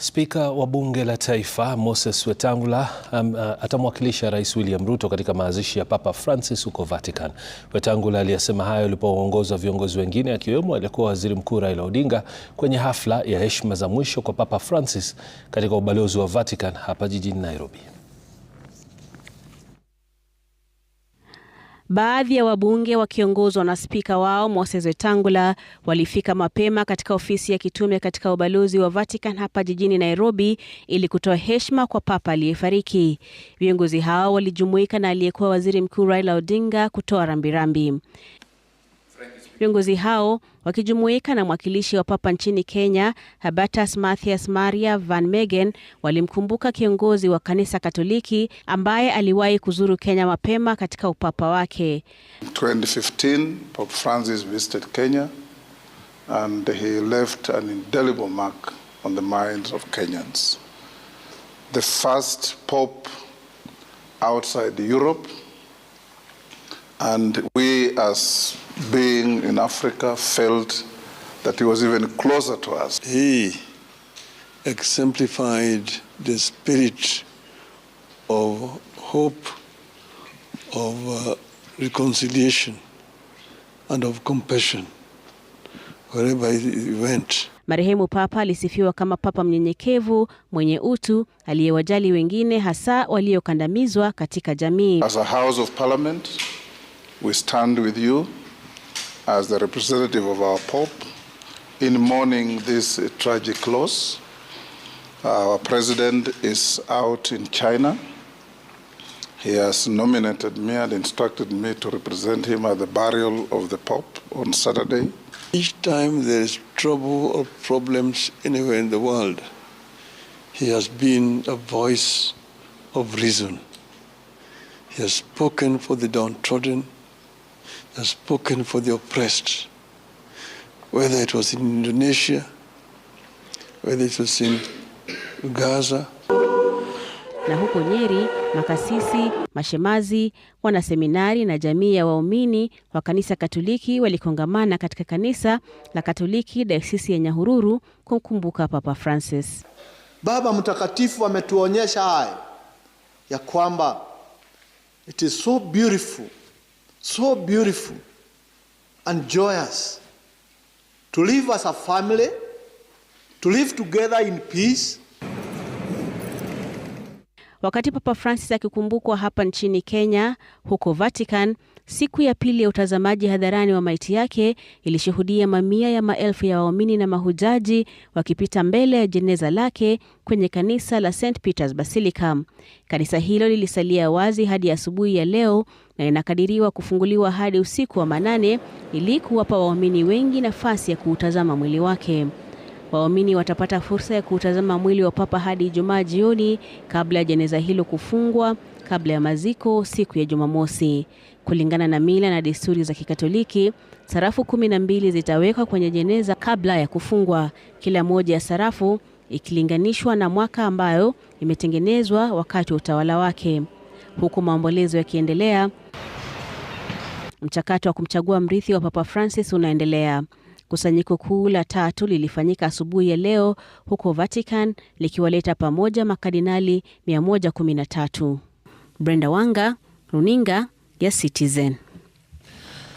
Spika wa Bunge la Taifa Moses Wetangula um, uh, atamwakilisha Rais William Ruto katika mazishi ya Papa Francis huko Vatican. Wetangula aliyesema hayo alipowaongoza viongozi wengine akiwemo aliyekuwa Waziri Mkuu Raila Odinga kwenye hafla ya heshima za mwisho kwa Papa Francis katika ubalozi wa Vatican hapa jijini Nairobi. Baadhi ya wabunge wakiongozwa na spika wao Moses Wetangula walifika mapema katika ofisi ya kitume katika ubalozi wa Vatican hapa jijini Nairobi ili kutoa heshima kwa papa aliyefariki. Viongozi hao walijumuika na aliyekuwa waziri mkuu Raila Odinga kutoa rambirambi. Viongozi hao wakijumuika na mwakilishi wa Papa nchini Kenya, Habatas Mathias Maria Van Megen, walimkumbuka kiongozi wa kanisa Katoliki ambaye aliwahi kuzuru Kenya mapema katika upapa wake. 2015, Pope Francis visited Kenya and he left an indelible mark on the minds of Kenyans. The first pope outside Europe and we as being in Africa felt that he was even closer to us. He exemplified the spirit of hope, of uh, reconciliation, and of compassion wherever he went. Marehemu Papa alisifiwa kama papa mnyenyekevu, mwenye utu, aliyewajali wengine hasa waliokandamizwa katika jamii. As a House of Parliament, we stand with you. as the representative of our Pope in mourning this tragic loss. Our president is out in China. He has nominated me and instructed me to represent him at the burial of the Pope on Saturday. Each time there is trouble or problems anywhere in the world, he has been a voice of reason. He has spoken for the downtrodden has spoken for the oppressed, whether it was in Indonesia, whether it was in Gaza. Na huko Nyeri, makasisi, mashemazi, wanaseminari na jamii ya waumini wa kanisa Katoliki walikongamana katika kanisa la Katoliki Dayosisi ya Nyahururu kumkumbuka Papa Francis. Baba Mtakatifu ametuonyesha haya ya kwamba it is so beautiful so beautiful and joyous to live as a family, to live together in peace, Wakati Papa Francis akikumbukwa hapa nchini Kenya, huko Vatican, siku ya pili ya utazamaji hadharani wa maiti yake ilishuhudia mamia ya maelfu ya waumini na mahujaji wakipita mbele ya jeneza lake kwenye kanisa la St Peter's Basilica. Kanisa hilo lilisalia wazi hadi asubuhi ya leo na inakadiriwa kufunguliwa hadi usiku wa manane ili kuwapa waumini wengi nafasi ya kuutazama mwili wake. Waumini watapata fursa ya kutazama mwili wa Papa hadi Ijumaa jioni kabla ya jeneza hilo kufungwa kabla ya maziko siku ya Jumamosi. Kulingana na mila na desturi za Kikatoliki, sarafu kumi na mbili zitawekwa kwenye jeneza kabla ya kufungwa, kila moja ya sarafu ikilinganishwa na mwaka ambayo imetengenezwa wakati wa utawala wake. Huku maombolezo yakiendelea, mchakato wa kumchagua mrithi wa Papa Francis unaendelea. Kusanyiko kuu la tatu lilifanyika asubuhi ya leo huko Vatican likiwaleta pamoja makardinali 113. Brenda Wanga, Runinga ya Citizen.